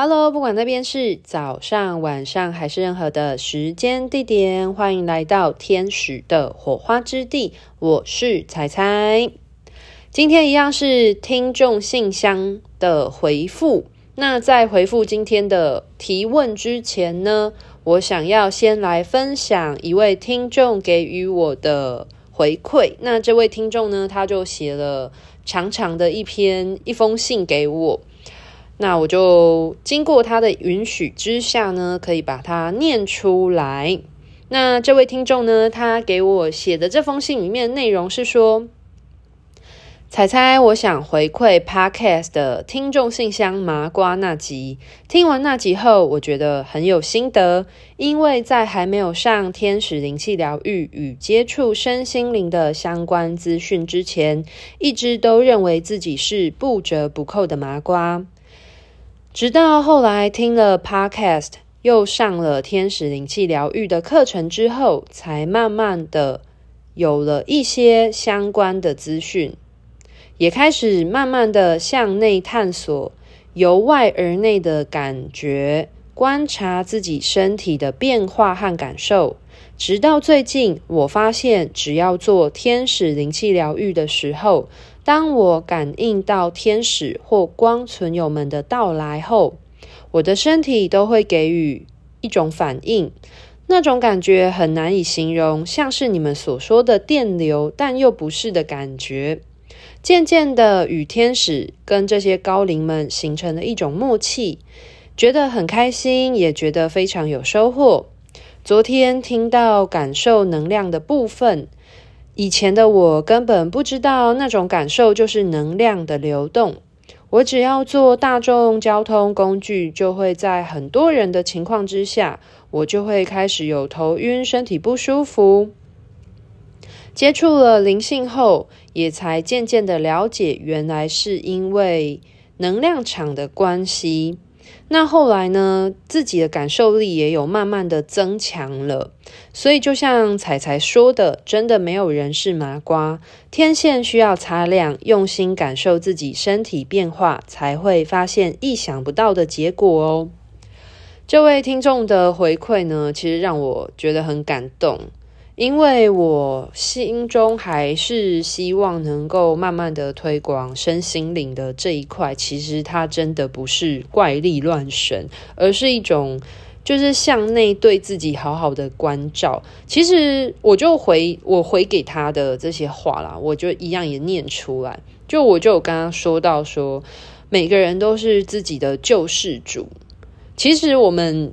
Hello，不管那邊是早上、晚上還是任何的時間地點，歡迎來到天使的火花之地。我是采采，今天一樣是聽眾信箱的回復。那在回復今天的提問之前呢，我想要先來分享一位聽眾給予我的回饋。那這位聽眾呢，他就寫了長長的一篇一封信給我。那我就經過他的允許之下呢，可以把它念出來。那這位聽眾呢，他給我寫的這封信裡面內容是說：“采采，我想回饋 Podcast 的聽眾信箱麻瓜那集。聽完那集後，我覺得很有心得，因為在還沒有上天使靈氣療癒與接觸身心靈的相關資訊之前，一直都認為自己是不折不扣的麻瓜。”直到後來聽了 Podcast，又上了天使靈氣療癒的課程之後，才慢慢的有了一些相關的資訊，也開始慢慢的向內探索，由外而內的感覺，觀察自己身體的變化和感受。直到最近，我發現只要做天使靈氣療癒的時候，當我感應到天使或光存有們的到來後，我的身體都會給予一種反應，那種感覺很難以形容，像是你們所說的電流，但又不是的感覺。漸漸的，與天使跟這些高靈們形成了一種默契，覺得很開心，也覺得非常有收穫。昨天聽到感受能量的部分。以前的我根本不知道那種感受就是能量的流動。我只要坐大眾交通工具，就會在很多人的情況之下，我就會開始有頭暈、身體不舒服。接觸了靈性後，也才漸漸的了解，原來是因為能量場的關係。那後來呢，自己的感受力也有慢慢的增強了，所以就像采采說的，真的沒有人是麻瓜，天線需要擦亮，用心感受自己身體變化，才會發現意想不到的結果哦。這位聽眾的回饋呢，其實讓我覺得很感動。因為我心中還是希望能夠慢慢的推廣身心靈的這一塊，其實它真的不是怪力亂神，而是一種就是向內對自己好好的關照。其實我就回我回給他的這些話啦，我就一樣也念出來。就我就有剛剛說到說，每個人都是自己的救世主。其實我們，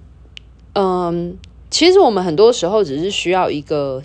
嗯。其實我們很多時候只是需要一個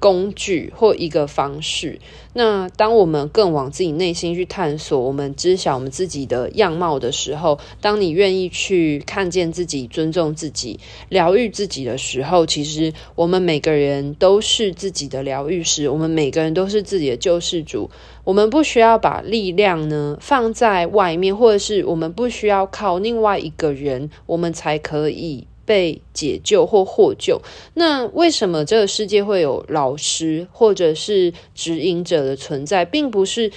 工具或一個方式。那當我們更往自己內心去探索，我們知曉我們自己的樣貌的時候，當你願意去看見自己、尊重自己、療癒自己的時候，其實我們每個人都是自己的療癒師，我們每個人都是自己的救世主。我們不需要把力量呢放在外面，或者是我們不需要靠另外一個人，我們才可以。被解救或獲救，那為什麼這個世界會有老師或者是指引者的存在，並不是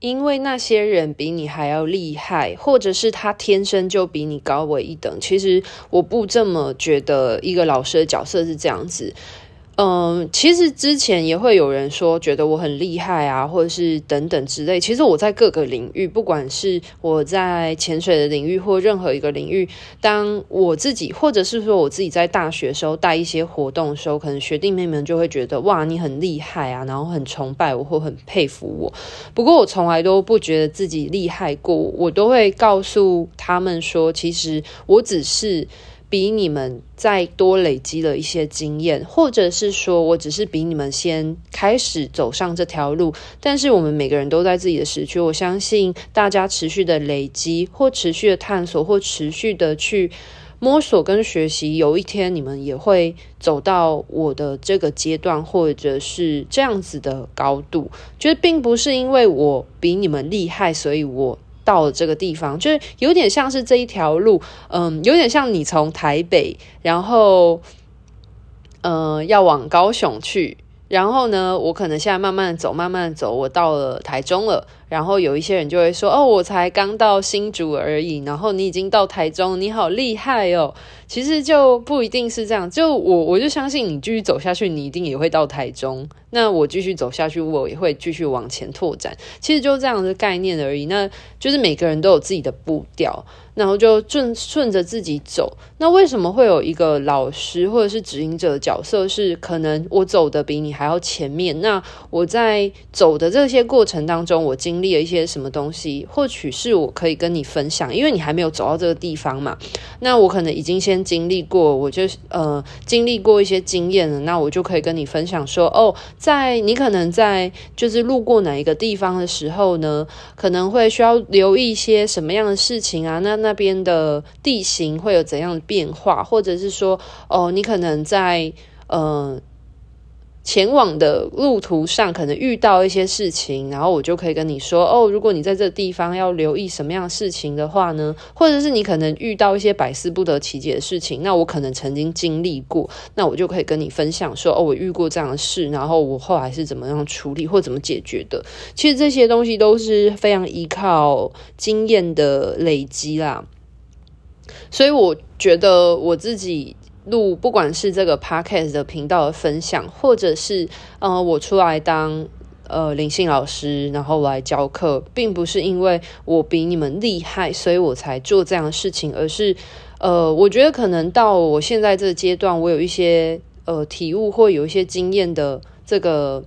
因為那些人比你還要厲害，或者是他天生就比你高我一等。其實我不這麼覺得，一個老師的角色是這樣子。嗯，其實之前也會有人說覺得我很厲害啊，或者是等等之類。其實我在各個領域，不管是我在潛水的領域或任何一個領域，當我自己或者是說我自己在大學時候帶一些活動的時候，可能學弟妹妹們就會覺得哇，你很厲害啊，然後很崇拜我或很佩服我。不過我從來都不覺得自己厲害過，我都會告訴他們說，其實我只是。比你們再多累積了一些經驗，或者是說我只是比你們先開始走上這條路，但是我們每個人都在自己的時區。我相信大家持續的累積，或持續的探索，或持續的去摸索跟學習，有一天你們也會走到我的這個階段，或者是這樣子的高度。覺得並不是因為我比你們厲害，所以我。到了這個地方，就是有點像是這一條路，嗯，有點像你從台北，然後，嗯，要往高雄去，然後呢，我可能現在慢慢走，慢慢走，我到了台中了。然後有一些人就會說：“哦，我才剛到新竹而已，然後你已經到台中，你好厲害哦。”其實就不一定是這樣。就我，我就相信你繼續走下去，你一定也會到台中。那我繼續走下去，我也會繼續往前拓展。其實就這樣的概念而已。那就是每個人都有自己的步調，然後就順順着自己走。那為什麼會有一個老師或者是指引者的角色是可能我走得比你還要前面？那我在走的這些過程當中，我經。經歷了一些什麼東西，或許是我可以跟你分享，因為你還沒有走到這個地方嘛。那我可能已經先經歷過，我就呃經歷過一些經驗了，那我就可以跟你分享說，哦，在你可能在就是路過哪一個地方的時候呢，可能會需要留意一些什麼樣的事情啊？那那邊的地形會有怎樣的變化，或者是說，哦，你可能在嗯。呃前往的路途上，可能遇到一些事情，然後我就可以跟你說哦，如果你在這個地方要留意什麼樣的事情的話呢，或者是你可能遇到一些百思不得其解的事情，那我可能曾經經歷過，那我就可以跟你分享說哦，我遇過這樣的事，然後我後來是怎麼樣處理或怎麼解決的。其實這些東西都是非常依靠經驗的累積啦，所以我覺得我自己。錄不管是這個 podcast 的頻道的分享，或者是嗯、呃、我出來當呃靈性老師，然後來教課，並不是因為我比你們厲害，所以我才做這樣的事情，而是呃，我覺得可能到我現在這個階段，我有一些呃體悟或有一些經驗的這個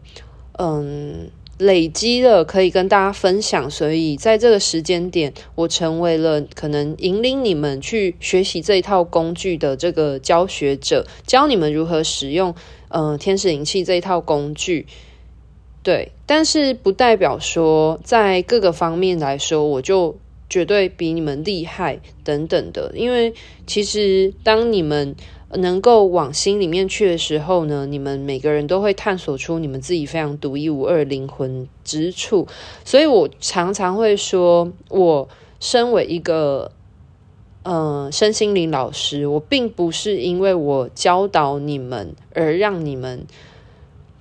嗯。累積了可以跟大家分享，所以在這個時間點，我成為了可能引領你們去學習這一套工具的這個教學者，教你們如何使用，呃，天使靈氣這一套工具。對，但是不代表說在各個方面來說，我就絕對比你們厲害等等的，因為其實當你們。能夠往心裡面去的時候呢，你們每個人都會探索出你們自己非常獨一無二靈魂之處。所以我常常會說，我身為一個，嗯、呃，身心靈老師，我並不是因為我教導你們而讓你們，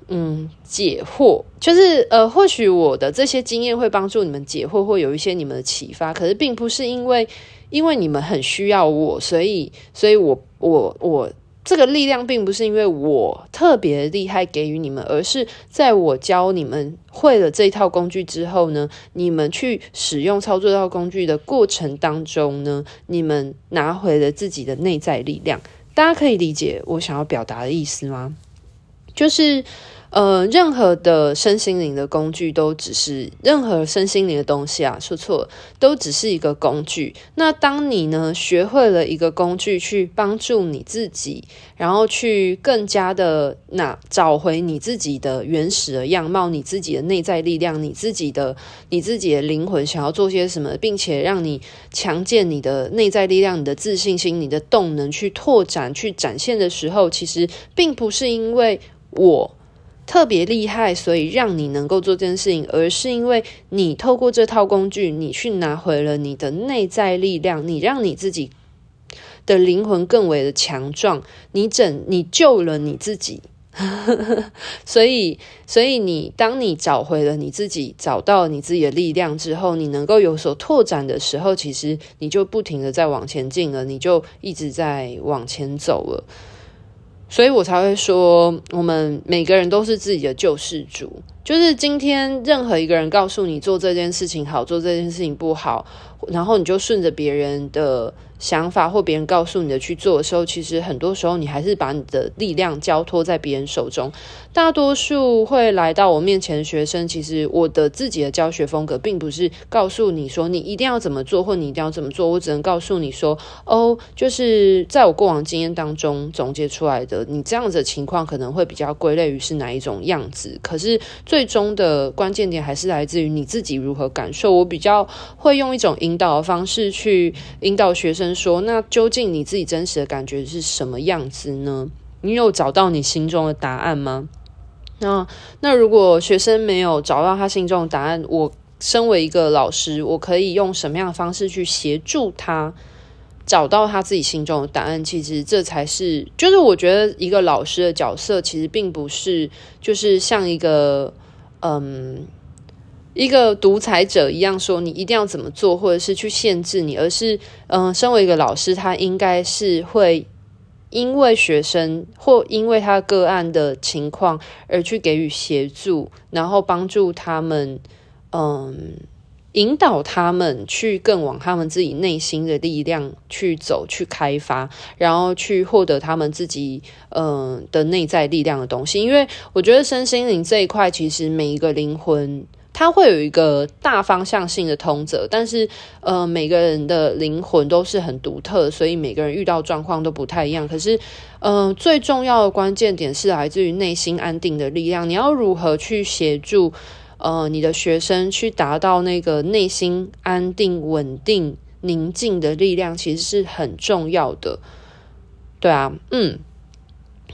嗯，解惑，就是呃，或許我的這些經驗會幫助你們解惑，會有一些你們的啟發，可是並不是因為。因為你們很需要我，所以，所以我，我，我這個力量並不是因為我特別厲害給予你們，而是在我教你們會了這一套工具之後呢，你們去使用操作這套工具的過程當中呢，你們拿回了自己的內在力量。大家可以理解我想要表達的意思嗎？就是。呃，任何的身心靈的工具都只是，任何身心靈的東西啊，說錯了，都只是一個工具。那當你呢學會了一個工具去幫助你自己，然後去更加的那，找回你自己的原始的樣貌，你自己的內在力量，你自己的你自己的靈魂想要做些什麼，並且讓你強健你的內在力量、你的自信心、你的動能去拓展、去展現的時候，其實並不是因為我。特別厲害，所以讓你能夠做這件事情，而是因為你透過這套工具，你去拿回了你的內在力量，你讓你自己的靈魂更為的強壯，你整你救了你自己， 所以所以你當你找回了你自己，找到你自己的力量之後，你能夠有所拓展的時候，其實你就不停的在往前進了，你就一直在往前走了。所以我才會說，我們每個人都是自己的救世主。就是今天任何一個人告訴你做這件事情好，做這件事情不好，然後你就順着別人的。想法或別人告訴你的去做的時候，其實很多時候你還是把你的力量交托在別人手中。大多數會來到我面前的學生，其實我的自己的教學風格並不是告訴你說你一定要怎麼做或你一定要怎麼做，我只能告訴你說，哦，就是在我過往經驗當中總結出來的，你這樣子的情況可能會比較歸類於是哪一種樣子。可是最終的關鍵點還是來自於你自己如何感受。我比較會用一種引導的方式去引導學生。說，那究竟你自己真實的感覺是什麼樣子呢？你有找到你心中的答案嗎？那那如果學生沒有找到他心中的答案，我身為一個老師，我可以用什麼樣的方式去協助他找到他自己心中的答案？其實這才是，就是我覺得一個老師的角色，其實並不是就是像一個，嗯。一個獨裁者一樣說，你一定要怎麼做，或者是去限制你，而是嗯，身為一個老師，他應該是會因為學生或因為他個案的情況而去給予協助，然後幫助他們，嗯，引導他們去更往他們自己內心的力量去走，去開發，然後去獲得他們自己嗯的內在力量的東西。因為我覺得身心靈這一塊，其實每一個靈魂。它會有一個大方向性的通則，但是，呃，每個人的靈魂都是很獨特，所以每個人遇到狀況都不太一樣。可是，嗯、呃，最重要的關鍵點是來自於內心安定的力量。你要如何去協助，呃，你的學生去達到那個內心安定、穩定、寧靜的力量，其實是很重要的。對啊，嗯，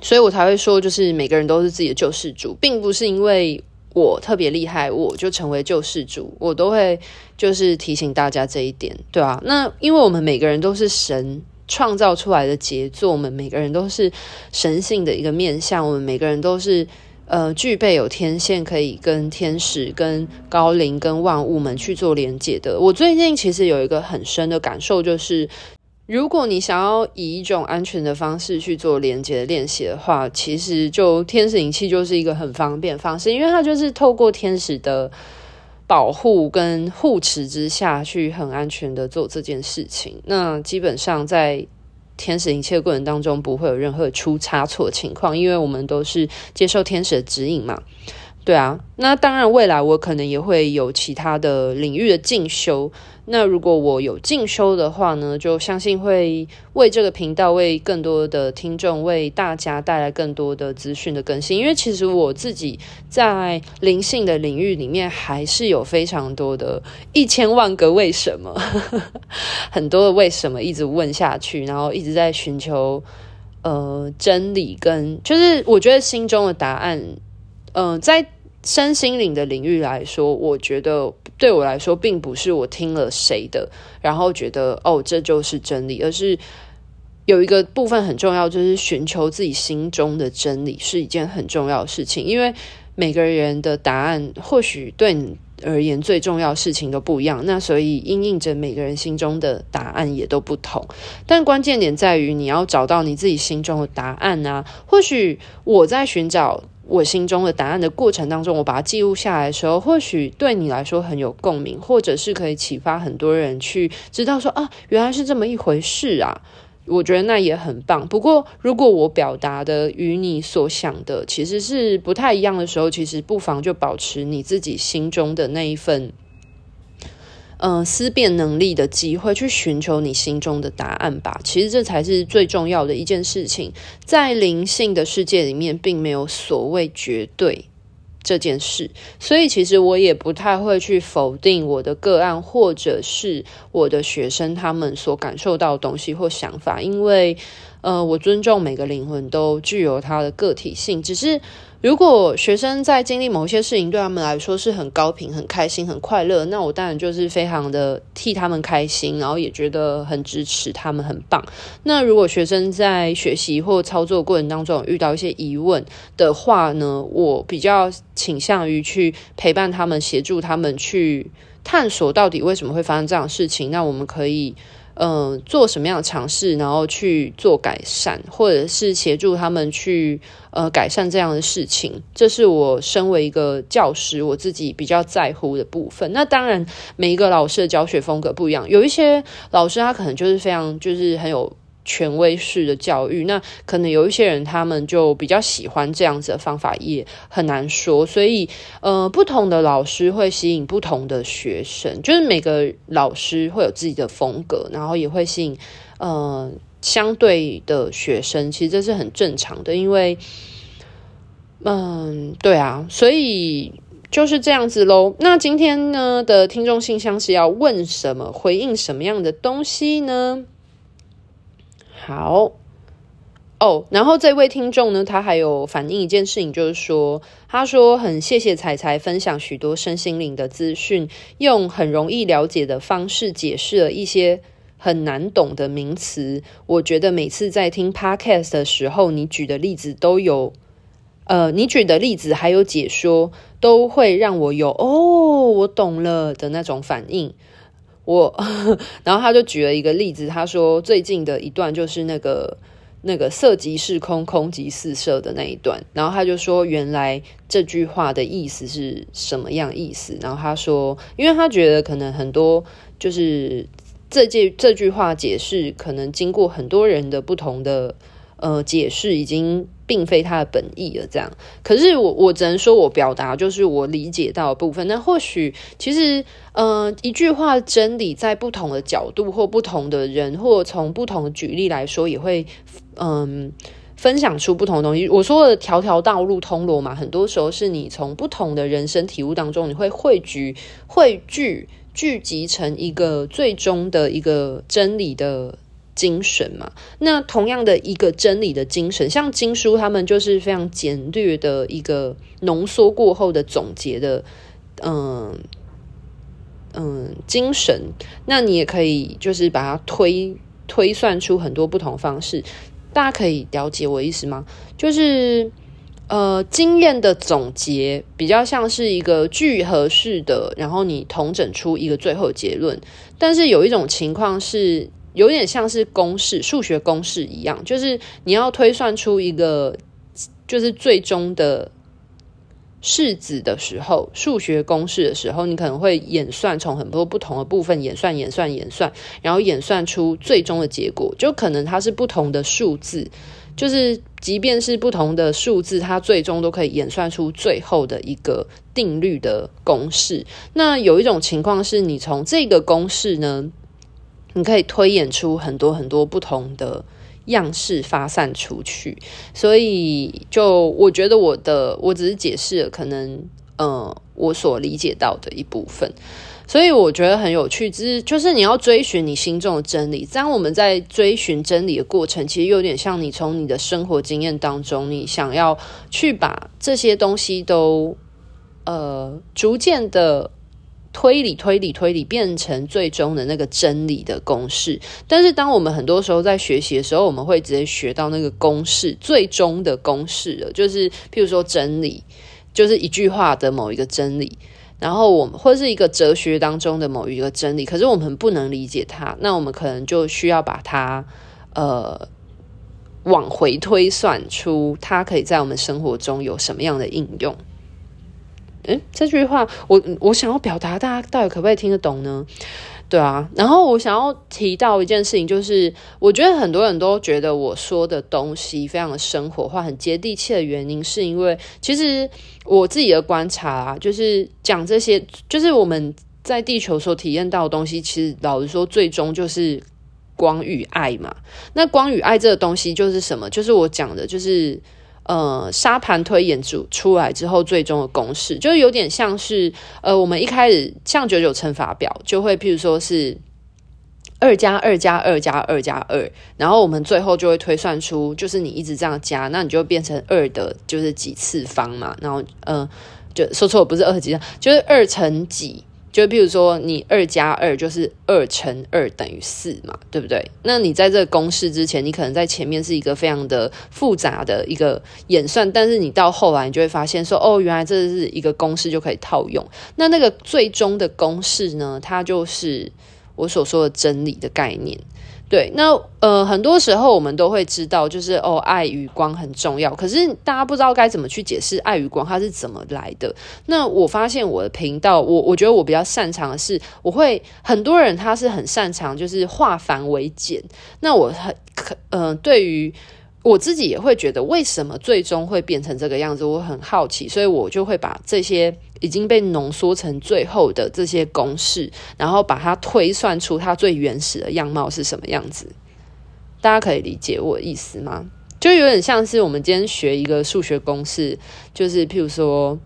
所以我才會說，就是每個人都是自己的救世主，並不是因為。我特別厲害，我就成為救世主。我都會就是提醒大家這一點，對啊。那因為我們每個人都是神創造出來的傑作，我們每個人都是神性的一個面向，我們每個人都是呃具備有天線，可以跟天使、跟高靈、跟萬物們去做連結的。我最近其實有一個很深的感受，就是。如果你想要以一種安全的方式去做連接的練習的話，其實就天使靈氣就是一個很方便的方式，因為它就是透過天使的保護跟護持之下去很安全的做這件事情。那基本上在天使靈氣的過程當中，不會有任何出差錯的情況，因為我們都是接受天使的指引嘛。對啊，那當然，未來我可能也會有其他的領域的進修。那如果我有進修的話呢，就相信會為這個頻道、為更多的聽眾、為大家帶來更多的資訊的更新。因為其實我自己在靈性的領域裡面，還是有非常多的一千萬個為什麼呵呵，很多的為什麼一直問下去，然後一直在尋求呃真理跟，跟就是我覺得心中的答案。嗯、呃，在身心靈的領域來說，我覺得對我來說，並不是我聽了誰的，然後覺得哦，這就是真理，而是有一個部分很重要，就是尋求自己心中的真理是一件很重要的事情。因為每個人的答案，或許對你而言最重要的事情都不一樣，那所以因應著每個人心中的答案也都不同。但關鍵點在於，你要找到你自己心中的答案啊！或許我在尋找。我心中的答案的過程當中，我把它記錄下來的時候，或許對你來說很有共鳴，或者是可以啟發很多人去知道說啊，原來是這麼一回事啊，我覺得那也很棒。不過，如果我表達的與你所想的其實是不太一樣的時候，其實不妨就保持你自己心中的那一份，呃，思辨能力的機會去尋求你心中的答案吧。其實這才是最重要的一件事情。在靈性的世界裡面，並沒有所謂絕對這件事，所以其實我也不太會去否定我的個案，或者是我的學生他們所感受到的東西或想法，因為，呃，我尊重每個靈魂都具有它的個體性。只是，如果學生在經歷某些事情，對他們來說是很高頻、很開心、很快樂，那我當然就是非常的替他們開心，然後也覺得很支持他們，很棒。那如果學生在學習或操作過程當中遇到一些疑問的話呢，我比較傾向於去陪伴他們，協助他們去探索到底為什麼會發生這樣的事情。那我們可以。嗯、呃，做什麼樣的嘗試，然後去做改善，或者是協助他們去呃改善這樣的事情，這是我身為一個教師，我自己比較在乎的部分。那當然，每一個老師的教學風格不一樣，有一些老師他可能就是非常，就是很有。權威式的教育，那可能有一些人他們就比較喜歡這樣子的方法，也很難說。所以，呃，不同的老師會吸引不同的學生，就是每個老師會有自己的風格，然後也會吸引呃相對的學生。其實這是很正常的，因為，嗯、呃，對啊，所以就是這樣子嘍。那今天呢的聽眾信箱是要問什麼？回應什麼樣的東西呢？好哦，oh, 然後這位聽眾呢，他還有反映一件事情，就是說，他說很謝謝采采分享許多身心靈的資訊，用很容易了解的方式解釋了一些很難懂的名詞。我覺得每次在聽 podcast 的時候，你舉的例子都有，呃，你舉的例子還有解說，都會讓我有哦，我懂了的那種反應。我，然後他就舉了一個例子，他說最近的一段就是那個那個色即是空，空即是色的那一段，然後他就說原來這句話的意思是什麼樣意思，然後他說，因為他覺得可能很多就是這句這句話解釋，可能經過很多人的不同的呃解釋已經並非他的本意了，這樣。可是我我只能說，我表達就是我理解到的部分。那或許其實，嗯、呃，一句話真理，在不同的角度或不同的人，或從不同的舉例來說，也會嗯、呃，分享出不同的東西。我說的“條條道路通羅馬”，很多時候是你從不同的人生體悟當中，你會匯聚匯聚聚集成一個最終的一個真理的。精神嘛，那同樣的一個真理的精神，像經書，他們就是非常簡略的一個濃縮過後的總結的，嗯嗯，精神。那你也可以就是把它推推算出很多不同方式，大家可以了解我意思嗎？就是呃，經驗的總結比較像是一個聚合式的，然後你統整出一個最後結論。但是有一種情況是。有點像是公式、數學公式一樣，就是你要推算出一個就是最終的式子的時候，數學公式的時候，你可能會演算，從很多不同的部分演算、演算、演算，然後演算出最終的結果。就可能它是不同的數字，就是即便是不同的數字，它最終都可以演算出最後的一個定律的公式。那有一種情況是，你從這個公式呢？你可以推演出很多很多不同的樣式發散出去，所以就我覺得我的我只是解釋了可能呃我所理解到的一部分，所以我覺得很有趣，就是就是你要追尋你心中的真理。當我們在追尋真理的過程，其實有點像你從你的生活經驗當中，你想要去把這些東西都呃逐漸的。推理，推理，推理，變成最終的那個真理的公式。但是，當我們很多時候在學習的時候，我們會直接學到那個公式，最終的公式了。就是，譬如說真理，就是一句話的某一個真理，然後我們或是一個哲學當中的某一個真理。可是，我們不能理解它，那我們可能就需要把它呃，往回推算出它可以在我們生活中有什麼樣的應用。哎，這句話我我想要表達，大家到底可不可以聽得懂呢？對啊，然後我想要提到一件事情，就是我覺得很多人都覺得我說的東西非常的生活化、很接地氣的原因，是因為其實我自己的觀察啊，就是講這些，就是我們在地球所體驗到的東西，其實老實說，最終就是光與愛嘛。那光與愛這個東西就是什麼？就是我講的，就是。呃，沙盤推演組出來之後，最終的公式就是有點像是，呃，我們一開始像九九乘法表，就會譬如說是二加二加二加二加二，然後我們最後就會推算出，就是你一直這樣加，那你就變成二的，就是幾次方嘛，然後嗯、呃，就說錯，不是二的幾次，就是二乘幾。就比如說，你二加二就是二乘二等於四嘛，對不對？那你在這個公式之前，你可能在前面是一個非常的複雜的一個演算，但是你到後來，你就會發現說，哦，原來這是一個公式就可以套用。那那個最終的公式呢？它就是我所說的真理的概念。對，那呃，很多時候我們都會知道，就是哦，愛與光很重要。可是大家不知道該怎麼去解釋愛與光它是怎麼來的。那我發現我的頻道，我我覺得我比較擅長的是，我會很多人他是很擅長就是化繁為簡。那我很可嗯、呃，對於。我自己也會覺得，為什麼最終會變成這個樣子？我很好奇，所以我就會把這些已經被濃縮成最後的這些公式，然後把它推算出它最原始的樣貌是什麼樣子。大家可以理解我的意思嗎？就有點像是我們今天學一個數學公式，就是譬如說，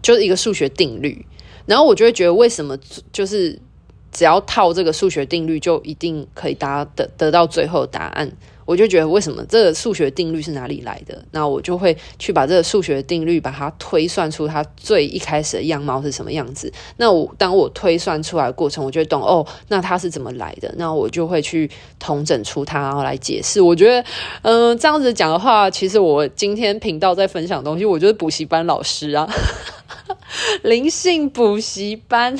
就是一個數學定律，然後我就會覺得為什麼就是。只要套這個數學定律，就一定可以答得得到最後的答案。我就覺得，為什麼這個數學定律是哪裡來的？那我就會去把這個數學定律，把它推算出它最一開始的樣貌是什麼樣子。那我當我推算出來的過程，我就會懂哦，那它是怎麼來的？那我就會去統整出它然後來解釋。我覺得，嗯、呃，這樣子講的話，其實我今天頻道在分享的東西，我就是補習班老師啊，靈 性補習班。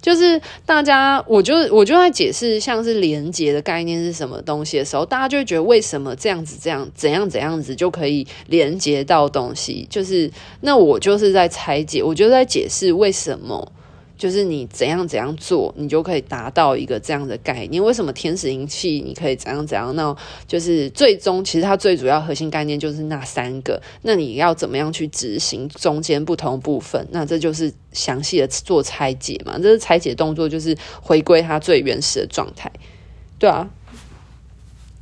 就是大家，我就我就在解釋，像是連接的概念是什麼東西的時候，大家就會覺得，為什麼這樣子這樣怎樣怎樣子就可以連接到東西？就是那我就是在拆解，我就在解釋為什麼。就是你怎樣怎樣做，你就可以達到一個這樣的概念。為什麼天使靈氣你可以怎樣怎樣？那就是最終，其實它最主要核心概念就是那三個。那你要怎麼樣去執行中間不同部分？那這就是詳細的做拆解嘛。這是拆解動作，就是回歸它最原始的狀態，對啊。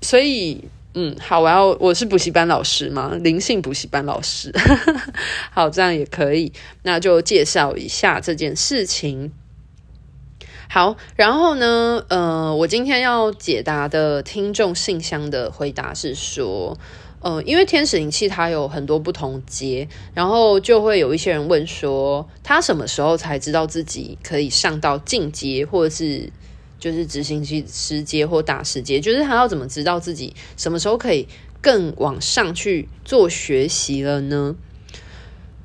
所以。嗯，好，我要我是補習班老師嘛，靈性補習班老師， 好，這樣也可以。那就介紹一下這件事情。好，然後呢，呃，我今天要解答的聽眾信箱的回答是說，呃，因為天使靈氣它有很多不同階，然後就會有一些人問說，他什麼時候才知道自己可以上到進階，或者是？就是執行師、師階或大師階，就是他要怎麼知道自己什麼時候可以更往上去做學習了呢？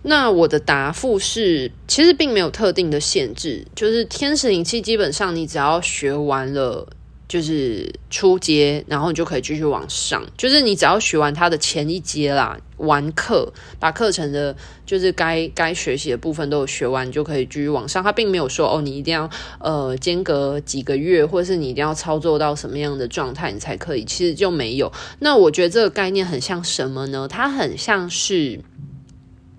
那我的答覆是，其實並沒有特定的限制，就是天使靈氣基本上你只要學完了。就是初階，然後你就可以繼續往上。就是你只要學完它的前一階啦，完課，把課程的，就是該該學習的部分都有學完，你就可以繼續往上。它並沒有說哦，你一定要呃間隔幾個月，或者是你一定要操作到什麼樣的狀態，你才可以。其實就沒有。那我覺得這個概念很像什麼呢？它很像是，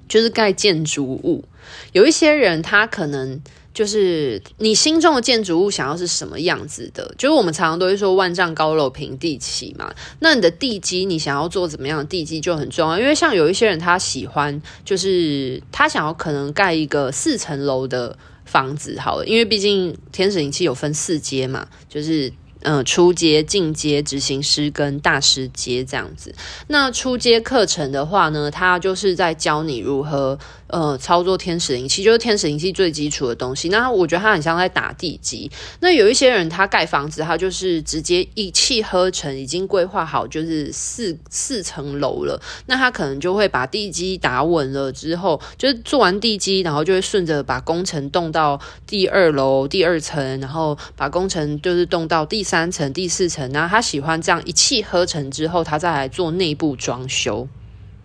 就是蓋建築物。有一些人他可能。就是你心中的建築物想要是什麼樣子的，就是我們常常都會說“萬丈高樓平地起”嘛。那你的地基，你想要做怎麼樣的地基就很重要。因為像有一些人，他喜歡就是他想要可能蓋一個四層樓的房子，好了，因為畢竟天使靈氣有分四階嘛，就是嗯，初階、進階、執行師跟大師階這樣子。那初階課程的話呢，他就是在教你如何。呃，操作天使靈氣，就是天使靈氣最基礎的東西。那我覺得他很像在打地基。那有一些人他蓋房子，他就是直接一氣呵成，已經規劃好就是四四層樓了。那他可能就會把地基打穩了之後，就是做完地基，然後就會順着把工程動到第二樓第二層，然後把工程就是動到第三層第四層。然後他喜歡這樣一氣呵成之後，他再來做內部裝修。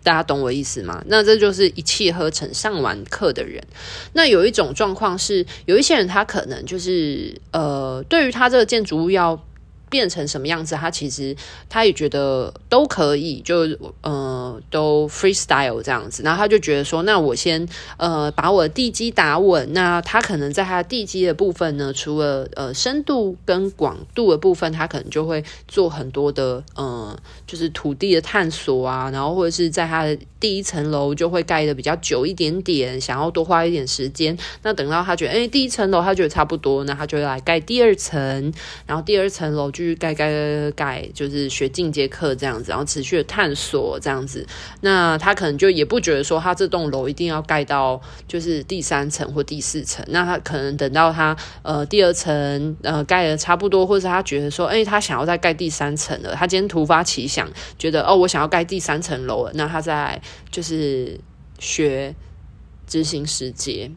大家懂我意思嗎？那這就是一氣呵成上完課的人。那有一種狀況是，有一些人他可能就是呃，對於他這個建築物要。變成什麼樣子，他其實他也覺得都可以，就呃都 freestyle 這樣子。然後他就覺得說，那我先呃把我的地基打穩。那他可能在他地基的部分呢，除了呃深度跟廣度的部分，他可能就會做很多的嗯、呃，就是土地的探索啊，然後或者是在他的。第一層樓就會蓋的比較久一點點，想要多花一點時間。那等到他覺得，哎、欸，第一層樓他覺得差不多，那他就會來蓋第二層。然後第二層樓就是蓋蓋蓋，就是學進階課這樣子，然後持續探索這樣子。那他可能就也不覺得說，他這棟樓一定要蓋到就是第三層或第四層。那他可能等到他呃第二層呃蓋的差不多，或者他覺得說，哎、欸，他想要再蓋第三層了。他今天突發奇想，覺得哦，我想要蓋第三層樓了。那他在。就是學執行時節，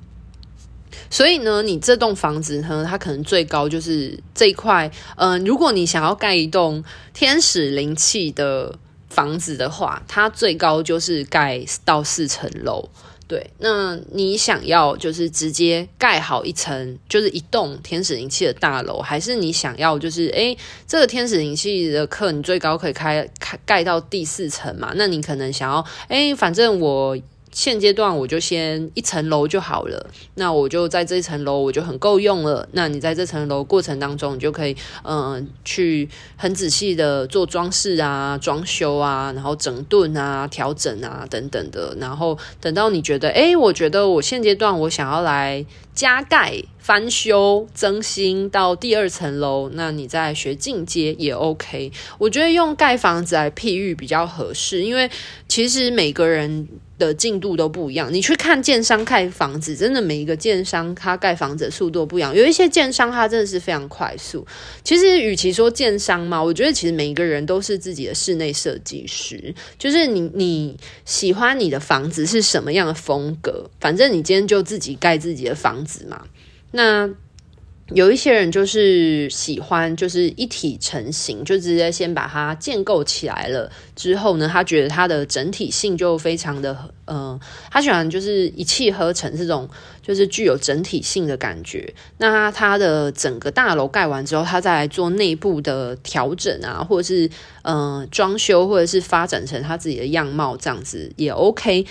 所以呢，你這棟房子呢，它可能最高就是這一塊。嗯、呃，如果你想要蓋一棟天使靈氣的房子的話，它最高就是蓋到四層樓。對，那你想要就是直接蓋好一層，就是一棟天使靈氣的大樓，還是你想要就是，誒、欸，這個天使靈氣的課你最高可以開開蓋到第四層嘛？那你可能想要，誒、欸，反正我。現階段我就先一層樓就好了，那我就在這一層樓，我就很夠用了。那你在這層樓過程當中，你就可以嗯，去很仔細的做裝飾啊、裝修啊，然後整頓啊、調整啊等等的。然後等到你覺得，誒、欸、我覺得我現階段我想要來加蓋。翻修、增新到第二層樓，那你再學進階也 OK。我覺得用蓋房子來譬喻比較合適，因為其實每個人的進度都不一樣。你去看建商蓋房子，真的每一個建商他蓋房子的速度不一樣。有一些建商他真的是非常快速。其實與其說建商嘛，我覺得其實每一個人都是自己的室內設計師。就是你你喜歡你的房子是什麼樣的風格，反正你今天就自己蓋自己的房子嘛。那有一些人就是喜歡，就是一體成型，就直接先把它建構起來了之後呢，他覺得它的整體性就非常的，嗯、呃，他喜歡就是一氣呵成，這種就是具有整體性的感覺。那他的整個大樓蓋完之後，他再來做內部的調整啊，或者是嗯、呃，裝修，或者是發展成他自己的樣貌，這樣子也 OK。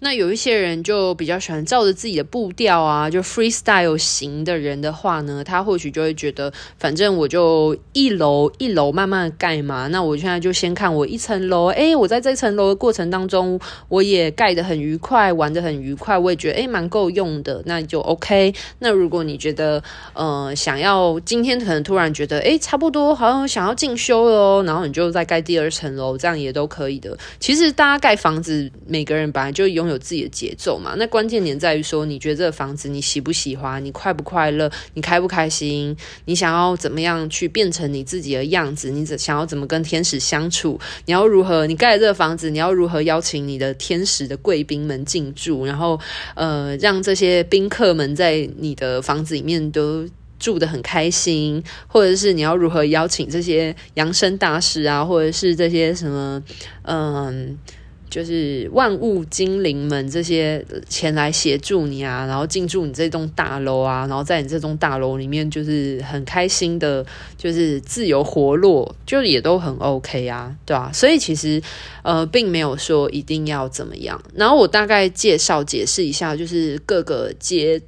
那有一些人就比較喜歡照着自己的步調啊，就 freestyle 型的人的話呢，他或許就會覺得，反正我就一樓一樓慢慢蓋嘛。那我現在就先看我一層樓，哎，我在這層樓的過程當中，我也蓋得很愉快，玩得很愉快，我也覺得哎蠻夠用的，那就 OK。那如果你覺得，呃，想要今天可能突然覺得，哎，差不多好像想要進修了哦，然後你就再蓋第二層樓，這樣也都可以的。其實大家蓋房子，每個人本來就擁有。自己的節奏嘛，那關鍵點在於說，你覺得這個房子你喜不喜歡，你快不快樂，你開不開心，你想要怎麼樣去變成你自己的樣子？你想要怎麼跟天使相處？你要如何？你蓋這個房子，你要如何邀請你的天使的貴賓們進駐？然後，呃，讓這些賓客們在你的房子裡面都住得很開心，或者是你要如何邀請這些養生大師啊，或者是這些什麼，嗯、呃。就是萬物精靈們，這些前來協助你啊，然後進駐你這棟大樓啊，然後在你這棟大樓裡面就是很開心的，就是自由活絡，就也都很 OK 啊，對吧？啊？所以其實呃，並沒有說一定要怎麼樣。然後我大概介紹解釋一下，就是各個階。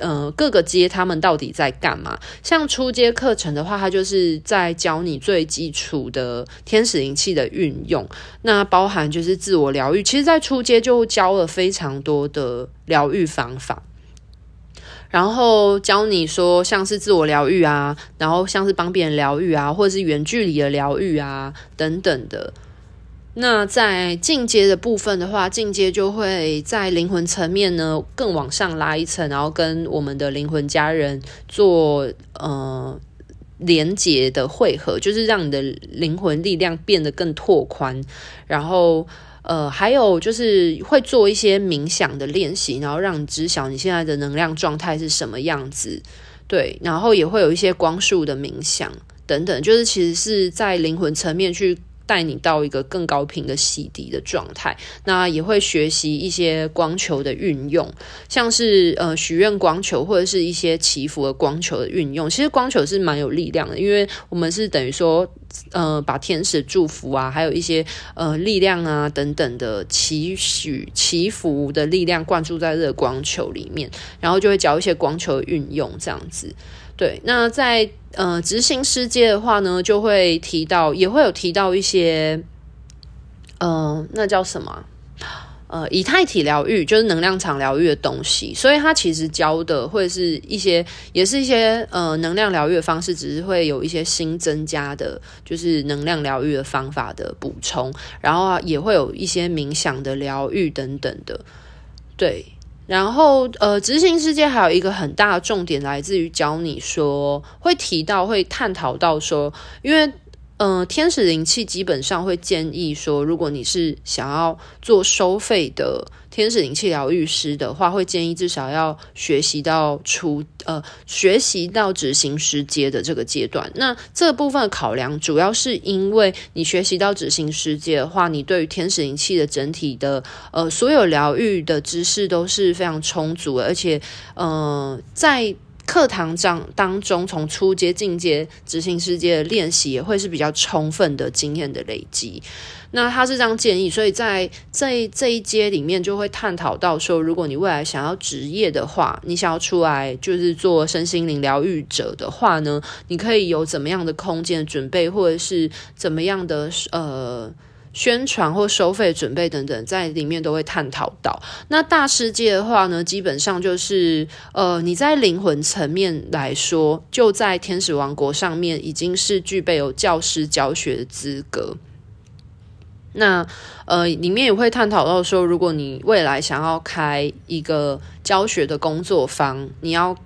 嗯、呃，各個階他們到底在幹嘛？像初階課程的話，它就是在教你最基礎的天使靈氣的運用，那包含就是自我療癒。其實，在初階就教了非常多的療癒方法，然後教你說像是自我療癒啊，然後像是幫別人療癒啊，或者是遠距離的療癒啊等等的。那在進階的部分的話，進階就會在靈魂層面呢，更往上拉一層，然後跟我們的靈魂家人做呃連接的匯合，就是讓你的靈魂力量變得更拓寬。然後呃，還有就是會做一些冥想的練習，然後讓你知曉你現在的能量狀態是什麼樣子。對，然後也會有一些光束的冥想等等，就是其實是在靈魂層面去。帶你到一個更高頻的洗滌的狀態，那也會學習一些光球的運用，像是呃許願光球或者是一些祈福的光球的運用。其實光球是蠻有力量的，因為我們是等於說呃把天使祝福啊，還有一些呃力量啊等等的祈許祈福的力量灌注在這個光球裡面，然後就會教一些光球的運用這樣子。對，那在呃執行世界的話呢，就會提到，也會有提到一些，呃，那叫什麼啊？呃，以太體療癒，就是能量場療癒的東西。所以它其實教的會是一些，也是一些呃能量療癒的方式，只是會有一些新增加的，就是能量療癒的方法的補充。然後也會有一些冥想的療癒等等的，對。然後，呃，執行世界還有一個很大的重點，來自於教你說，會提到，會探討到說，因為。嗯、呃，天使靈氣基本上會建議說，如果你是想要做收費的天使靈氣療癒師的話，會建議至少要學習到初呃，學習到執行師階的這個階段。那這個部分的考量主要是因為，你學習到執行師階的話，你對於天使靈氣的整體的呃所有療癒的知識都是非常充足的，而且嗯、呃，在。課堂當中，從初階進階執行師階的練習，也會是比較充分的經驗的累積。那他是這樣建議，所以在這這一階裡面，就會探討到說，如果你未來想要職業的話，你想要出來就是做身心靈療癒者的話呢，你可以有怎麼樣的空間準備，或者是怎麼樣的呃。宣傳或收費準備等等，在裡面都會探討到。那大世界的話呢，基本上就是，呃，你在靈魂層面來說，就在天使王國上面，已經是具備有教師教學的資格。那呃，裡面也會探討到說，如果你未來想要開一個教學的工作坊，你要。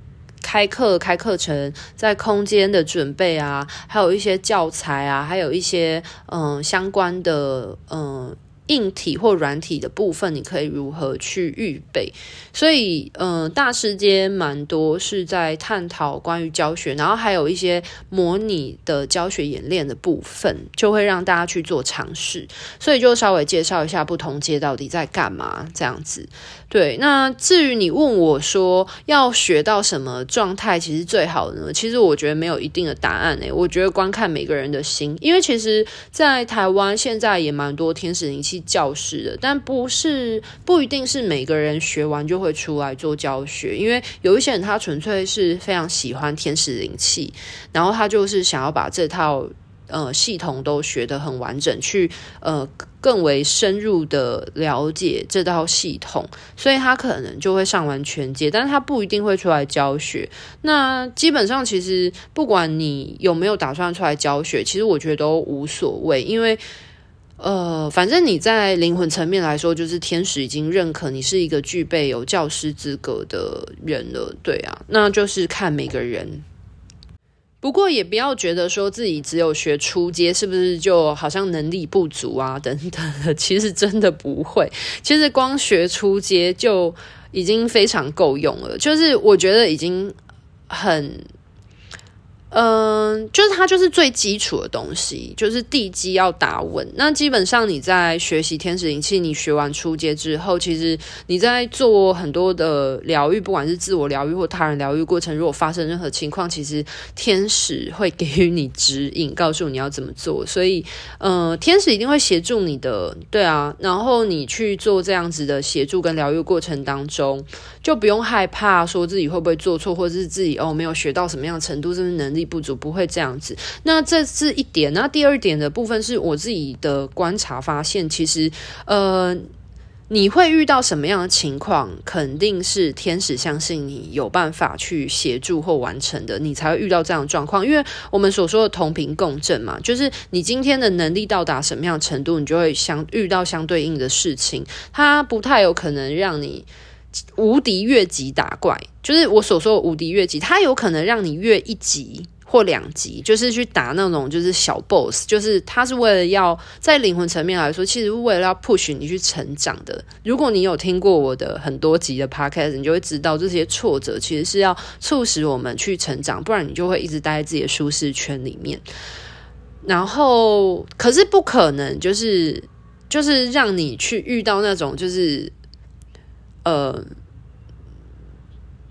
開課、開課程，在空間的準備啊，還有一些教材啊，還有一些嗯、呃、相關的嗯、呃、硬體或軟體的部分，你可以如何去預備？所以嗯、呃，大師階蠻多是在探討關於教學，然後還有一些模擬的教學演練的部分，就會讓大家去做嘗試。所以就稍微介紹一下不同階到底在幹嘛這樣子。對，那至於你問我說，要學到什麼狀態其實最好的呢？其實我覺得沒有一定的答案誒、欸。我覺得觀看每個人的心，因為其實，在台灣現在也蠻多天使靈氣教師的，但不是，不一定是每個人學完就會出來做教學，因為有一些人，他純粹是非常喜歡天使靈氣，然後他就是想要把這套，呃，系統都學得很完整，去呃更為深入的了解這道系統，所以他可能就會上完全階，但是他不一定會出來教學。那基本上其實不管你有沒有打算出來教學，其實我覺得都無所謂，因為呃，反正你在靈魂層面來說，就是天使已經認可你是一個具備有教師資格的人了，對啊，那就是看每個人。不過也不要覺得說自己只有學初階，是不是就好像能力不足啊，等等的，其實真的不會，其實光學初階就已經非常夠用了。就是我覺得已經很。嗯，就是它就是最基礎的東西，就是地基要打穩。那基本上你在學習天使靈氣，你學完初階之後，其實你在做很多的療癒，不管是自我療癒或他人療癒過程，如果發生任何情況，其實天使會給予你指引，告訴你要怎麼做。所以，呃、嗯，天使一定會協助你的，對啊。然後你去做這樣子的協助跟療癒過程當中，就不用害怕說自己會不會做錯，或者是自己哦沒有學到什麼樣程度，什麼能力。不足不會，這樣子，那這是一點。那第二點的部分是我自己的觀察發現，其實呃，你會遇到什麼樣的情況，肯定是天使相信你有辦法去協助或完成的，你才會遇到這樣的狀況。因為我們所說的同頻共振嘛，就是你今天的能力到達什麼樣的程度，你就會相遇到相對應的事情。它不太有可能讓你無敵越級打怪，就是我所說的無敵越級，它有可能讓你越一級，過兩級，就是去打那種就是小 boss，就是他是為了要在靈魂層面來說，其實是為了要 push 你去成長的。如果你有聽過我的很多集的 podcast，你就會知道這些挫折其實是要促使我們去成長，不然你就會一直待在自己的舒適圈裡面。然後，可是不可能，就是就是讓你去遇到那種就是，呃。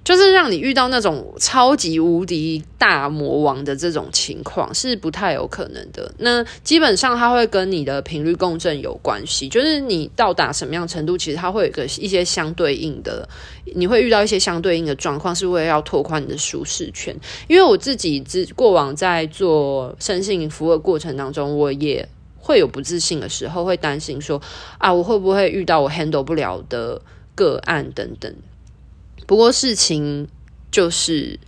就是讓你遇到那種超級無敵大魔王的這種情況是不太有可能的。那基本上它會跟你的頻率共振有關係，就是你到達什麼樣程度，其實它會有一個一些相對應的，你會遇到一些相對應的狀況，是為了要拓寬你的舒適圈。因為我自己之過往在做身心服務的過程當中，我也會有不自信的時候，會擔心說啊，我會不會遇到我 handle 不了的個案等等。不過事情就是。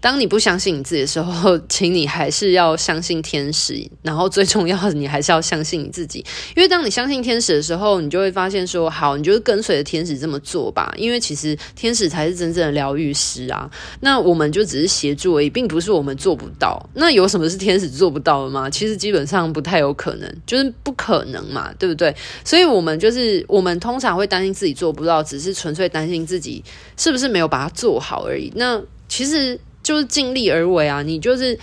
當你不相信你自己的時候，請你還是要相信天使。然後最重要的，你還是要相信你自己。因為當你相信天使的時候，你就會發現說：好，你就是跟隨着天使這麼做吧。因為其實天使才是真正的療癒師啊。那我們就只是協助而已，並不是我們做不到。那有什麼是天使做不到的嗎？其實基本上不太有可能，就是不可能嘛，對不對？所以我們就是我們通常會擔心自己做不到，只是純粹擔心自己是不是沒有把它做好而已。那其實。就是盡力而為啊！你就是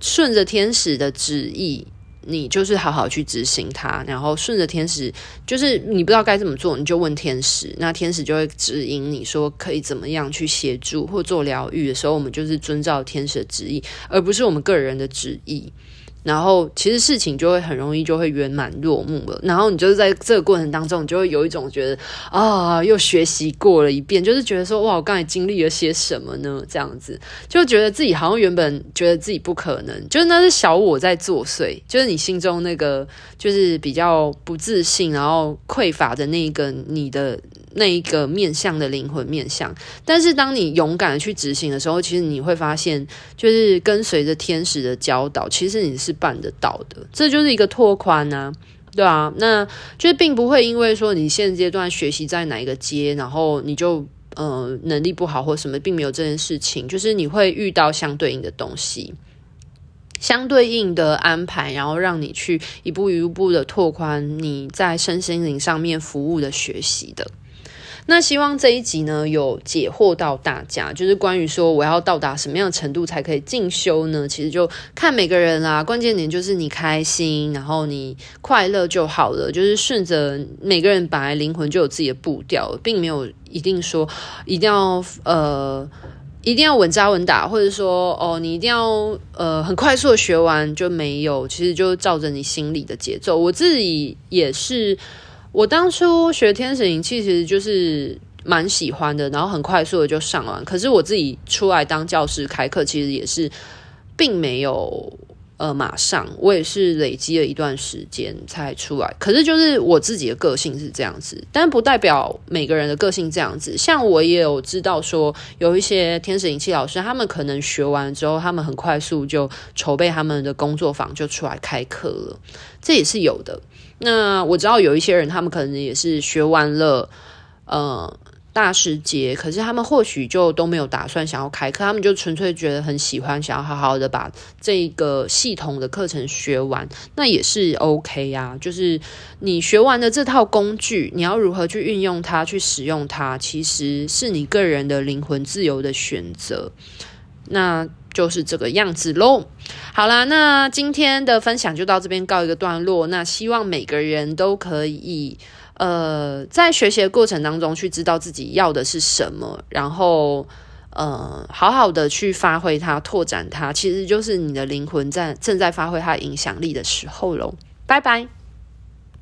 順着天使的旨意，你就是好好去執行它，然後順着天使。就是你不知道該怎麼做，你就問天使，那天使就會指引你說可以怎麼樣去協助或做療癒的時候，我們就是遵照天使的旨意，而不是我們個人的旨意。然後，其實事情就會很容易就會圓滿落幕了。然後你就是在這個過程當中，你就會有一種覺得啊，又學習過了一遍，就是覺得說哇，我剛才經歷了些什麼呢？這樣子，就覺得自己好像原本覺得自己不可能，就是那是小我在作祟，就是你心中那個就是比較不自信，然後匱乏的那一個你的。那一個面向的靈魂面向，但是當你勇敢的去執行的時候，其實你會發現，就是跟隨着天使的教導，其實你是辦得到的。這就是一個拓寬啊，對啊，那就並不會因為說你現階段學習在哪一個階，然後你就呃能力不好或什麼，並沒有這件事情，就是你會遇到相對應的東西，相對應的安排，然後讓你去一步一步的拓寬你在身心靈上面服務的學習的。那希望這一集呢，有解惑到大家，就是關於說我要到達什麼樣的程度才可以進修呢？其實就看每個人啦。關鍵點就是你開心，然後你快樂就好了。就是順着每個人本來靈魂就有自己的步調，並沒有一定說一定要呃一定要穩紮穩打，或者說哦，你一定要呃很快速的學完就沒有。其實就照着你心裡的節奏，我自己也是。我當初學天使靈氣其實就是蠻喜歡的，然後很快速的就上完。可是我自己出來當教師開課，其實也是並沒有呃馬上，我也是累積了一段時間才出來。可是就是我自己的個性是這樣子，但不代表每個人的個性這樣子。像我也有知道說有一些天使靈氣老師，他們可能學完之後，他們很快速就籌備他們的工作坊，就出來開課了，這也是有的。那我知道有一些人，他們可能也是學完了，呃，大師節，可是他們或許就都沒有打算想要開課，他們就純粹覺得很喜歡，想要好好的把這一個系統的課程學完，那也是 OK 呀，啊。就是你學完的這套工具，你要如何去運用它、去使用它，其實是你個人的靈魂自由的選擇。那。就是這個樣子嘍。好啦，那今天的分享就到這邊告一個段落。那希望每個人都可以，呃，在學習的過程當中去知道自己要的是什麼，然後，呃，好好的去發揮它，拓展它，其實就是你的靈魂在正在發揮它影響力的時候嘍。拜拜。